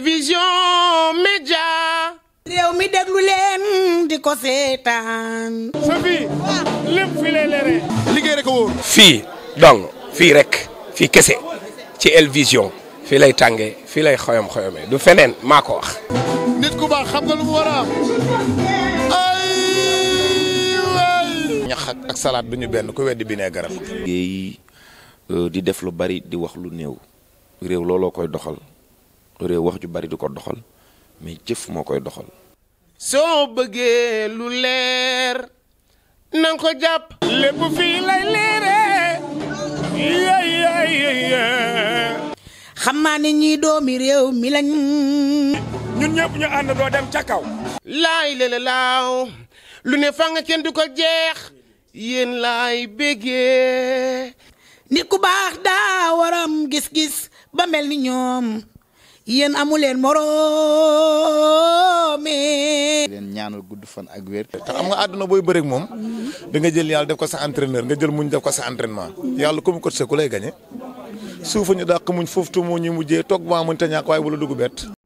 Elvision mi déglu leen di ko seetaan. Sophie lépp fi lay leeree. liggéey rek a wóor. fii donc fii rek fii kese ci Elvision fii lay tànge fii lay xoyom xoyomee du feneen maa ko wax. nit ku baax xam nga lu mu war a am. ñax ak salaat du ñu benn ku weddi bi nee garab. Euh, di def lu bari di wax lu néew réew looloo koy doxal. réew wax ju bari du ko doxal mais jëf mo koy doxal so bëggee lu lèr nang ko japp lepp fi lay leeree xam naa ne ñii doomi rew mi lañ ñun ñëpp ñu and do dem ca kaw laay lele law, lu ne fa nga kën du ko jeex yéen laay béggee ku baax da waram gis-gis ba melni ñoom yéen amuleen moroomee. leen ñaanal gudd fan ak wér. am xam nga àdduna booy bëreek moom. da nga jël yàlla def ko sa entraîneur nga jël muñ def ko sa entraînement. yàlla ku mu coaché ku lay gañe suufa ñu dàq muñ foofu tu mu ñu mujjee toog maa mënta ñàkk waaye wala dugg bett.